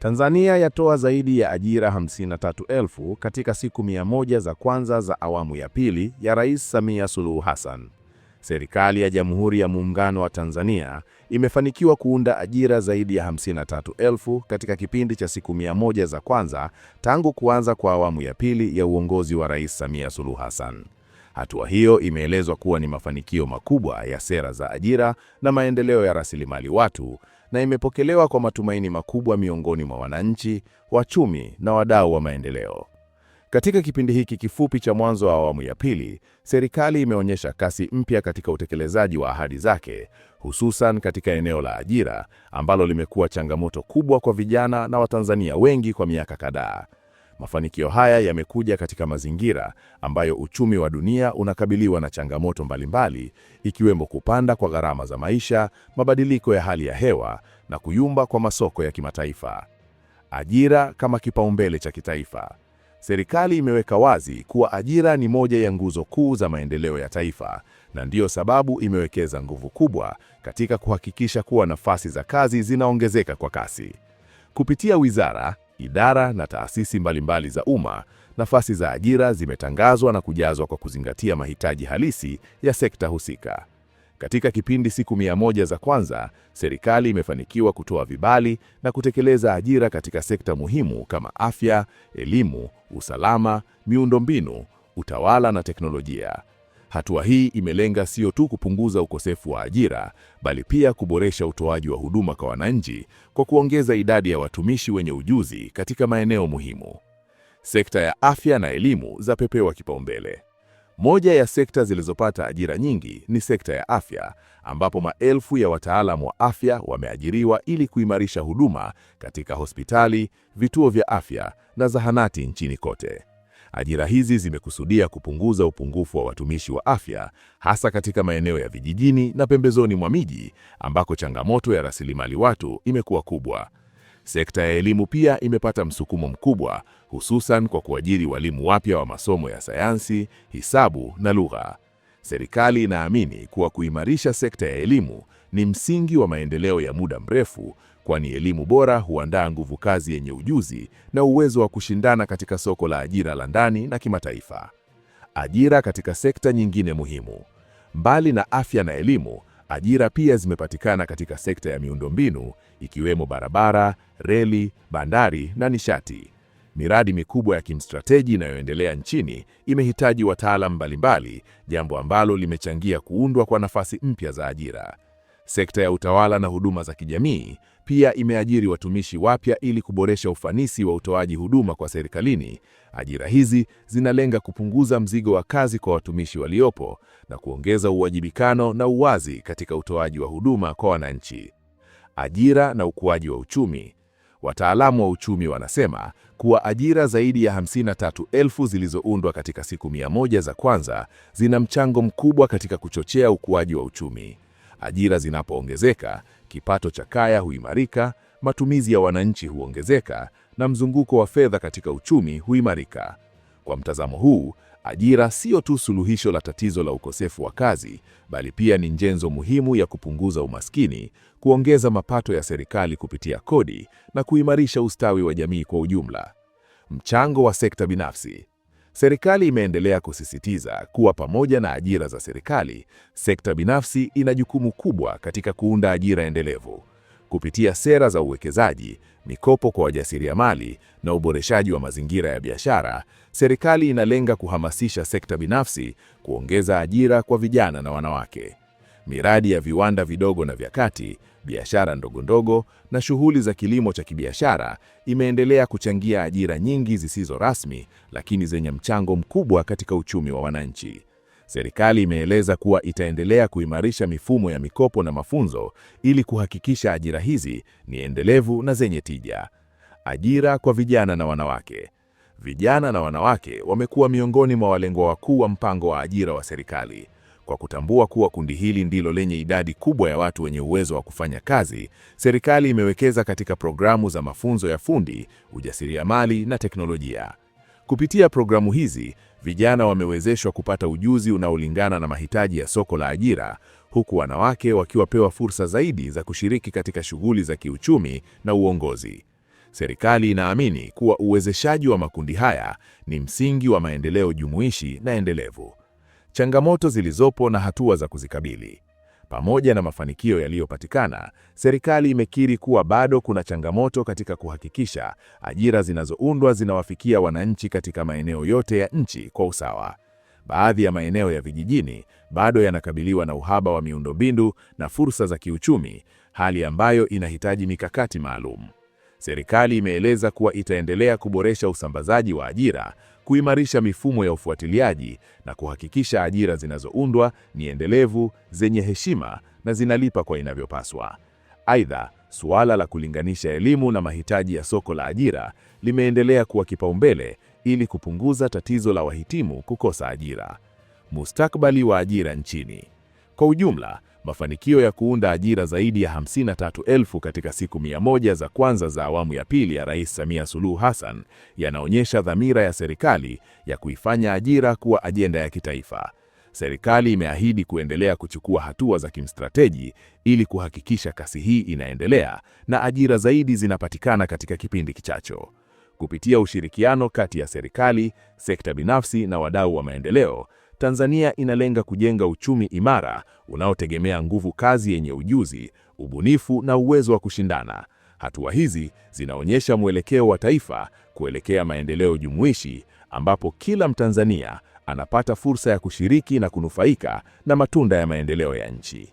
Tanzania yatoa zaidi ya ajira 53,000 katika siku 100 za kwanza za awamu ya pili ya Rais Samia Suluhu Hassan. Serikali ya Jamhuri ya Muungano wa Tanzania imefanikiwa kuunda ajira zaidi ya 53,000 katika kipindi cha siku 100 za kwanza tangu kuanza kwa awamu ya pili ya uongozi wa Rais Samia Suluhu Hassan. Hatua hiyo imeelezwa kuwa ni mafanikio makubwa ya sera za ajira na maendeleo ya rasilimali watu na imepokelewa kwa matumaini makubwa miongoni mwa wananchi, wachumi na wadau wa maendeleo. Katika kipindi hiki kifupi cha mwanzo wa awamu ya pili, serikali imeonyesha kasi mpya katika utekelezaji wa ahadi zake, hususan katika eneo la ajira ambalo limekuwa changamoto kubwa kwa vijana na Watanzania wengi kwa miaka kadhaa. Mafanikio haya yamekuja katika mazingira ambayo uchumi wa dunia unakabiliwa na changamoto mbalimbali, ikiwemo kupanda kwa gharama za maisha, mabadiliko ya hali ya hewa na kuyumba kwa masoko ya kimataifa. Ajira kama kipaumbele cha kitaifa. Serikali imeweka wazi kuwa ajira ni moja ya nguzo kuu za maendeleo ya taifa, na ndiyo sababu imewekeza nguvu kubwa katika kuhakikisha kuwa nafasi za kazi zinaongezeka kwa kasi. Kupitia wizara idara na taasisi mbalimbali za umma, nafasi za ajira zimetangazwa na kujazwa kwa kuzingatia mahitaji halisi ya sekta husika. Katika kipindi siku mia moja za kwanza, serikali imefanikiwa kutoa vibali na kutekeleza ajira katika sekta muhimu kama afya, elimu, usalama, miundombinu, utawala na teknolojia. Hatua hii imelenga sio tu kupunguza ukosefu wa ajira, bali pia kuboresha utoaji wa huduma kwa wananchi kwa kuongeza idadi ya watumishi wenye ujuzi katika maeneo muhimu. Sekta ya afya na elimu zapepewa kipaumbele. Moja ya sekta zilizopata ajira nyingi ni sekta ya afya, ambapo maelfu ya wataalamu wa afya wameajiriwa ili kuimarisha huduma katika hospitali, vituo vya afya na zahanati nchini kote. Ajira hizi zimekusudia kupunguza upungufu wa watumishi wa afya, hasa katika maeneo ya vijijini na pembezoni mwa miji ambako changamoto ya rasilimali watu imekuwa kubwa. Sekta ya elimu pia imepata msukumo mkubwa, hususan kwa kuajiri walimu wapya wa masomo ya sayansi, hisabu na lugha. Serikali inaamini kuwa kuimarisha sekta ya elimu ni msingi wa maendeleo ya muda mrefu, kwani elimu bora huandaa nguvu kazi yenye ujuzi na uwezo wa kushindana katika soko la ajira la ndani na kimataifa. Ajira katika sekta nyingine muhimu. Mbali na afya na elimu, ajira pia zimepatikana katika sekta ya miundombinu ikiwemo barabara, reli, bandari na nishati. Miradi mikubwa ya kimstrateji inayoendelea nchini imehitaji wataalamu mbalimbali, jambo ambalo limechangia kuundwa kwa nafasi mpya za ajira. Sekta ya utawala na huduma za kijamii pia imeajiri watumishi wapya ili kuboresha ufanisi wa utoaji huduma kwa serikalini. Ajira hizi zinalenga kupunguza mzigo wa kazi kwa watumishi waliopo na kuongeza uwajibikano na uwazi katika utoaji wa huduma kwa wananchi. Ajira na ukuaji wa uchumi. Wataalamu wa uchumi wanasema kuwa ajira zaidi ya 53,000 zilizoundwa katika siku 100 za kwanza zina mchango mkubwa katika kuchochea ukuaji wa uchumi. Ajira zinapoongezeka, kipato cha kaya huimarika, matumizi ya wananchi huongezeka na mzunguko wa fedha katika uchumi huimarika. Kwa mtazamo huu, Ajira siyo tu suluhisho la tatizo la ukosefu wa kazi, bali pia ni nyenzo muhimu ya kupunguza umaskini, kuongeza mapato ya serikali kupitia kodi na kuimarisha ustawi wa jamii kwa ujumla. Mchango wa sekta binafsi. Serikali imeendelea kusisitiza kuwa pamoja na ajira za serikali, sekta binafsi ina jukumu kubwa katika kuunda ajira endelevu kupitia sera za uwekezaji, mikopo kwa wajasiriamali na uboreshaji wa mazingira ya biashara, serikali inalenga kuhamasisha sekta binafsi, kuongeza ajira kwa vijana na wanawake. Miradi ya viwanda vidogo na vya kati, biashara ndogondogo na shughuli za kilimo cha kibiashara imeendelea kuchangia ajira nyingi zisizo rasmi, lakini zenye mchango mkubwa katika uchumi wa wananchi. Serikali imeeleza kuwa itaendelea kuimarisha mifumo ya mikopo na mafunzo ili kuhakikisha ajira hizi ni endelevu na zenye tija. Ajira kwa vijana na wanawake. Vijana na wanawake wamekuwa miongoni mwa walengwa wakuu wa mpango wa ajira wa serikali. Kwa kutambua kuwa kundi hili ndilo lenye idadi kubwa ya watu wenye uwezo wa kufanya kazi, serikali imewekeza katika programu za mafunzo ya fundi, ujasiriamali na teknolojia. Kupitia programu hizi, vijana wamewezeshwa kupata ujuzi unaolingana na mahitaji ya soko la ajira, huku wanawake wakiwapewa fursa zaidi za kushiriki katika shughuli za kiuchumi na uongozi. Serikali inaamini kuwa uwezeshaji wa makundi haya ni msingi wa maendeleo jumuishi na endelevu. Changamoto zilizopo na hatua za kuzikabili. Pamoja na mafanikio yaliyopatikana, serikali imekiri kuwa bado kuna changamoto katika kuhakikisha ajira zinazoundwa zinawafikia wananchi katika maeneo yote ya nchi kwa usawa. Baadhi ya maeneo ya vijijini bado yanakabiliwa na uhaba wa miundombinu na fursa za kiuchumi, hali ambayo inahitaji mikakati maalum. Serikali imeeleza kuwa itaendelea kuboresha usambazaji wa ajira kuimarisha mifumo ya ufuatiliaji na kuhakikisha ajira zinazoundwa ni endelevu, zenye heshima na zinalipa kwa inavyopaswa. Aidha, suala la kulinganisha elimu na mahitaji ya soko la ajira limeendelea kuwa kipaumbele ili kupunguza tatizo la wahitimu kukosa ajira. Mustakabali wa ajira nchini. Kwa ujumla, mafanikio ya kuunda ajira zaidi ya 53,000 katika siku 100 za kwanza za awamu ya pili ya Rais Samia Suluhu Hassan yanaonyesha dhamira ya serikali ya kuifanya ajira kuwa ajenda ya kitaifa. Serikali imeahidi kuendelea kuchukua hatua za kimstrateji ili kuhakikisha kasi hii inaendelea na ajira zaidi zinapatikana katika kipindi kichacho. Kupitia ushirikiano kati ya serikali, sekta binafsi na wadau wa maendeleo, Tanzania inalenga kujenga uchumi imara unaotegemea nguvu kazi yenye ujuzi, ubunifu na uwezo wa kushindana. Hatua hizi zinaonyesha mwelekeo wa taifa kuelekea maendeleo jumuishi ambapo kila Mtanzania anapata fursa ya kushiriki na kunufaika na matunda ya maendeleo ya nchi.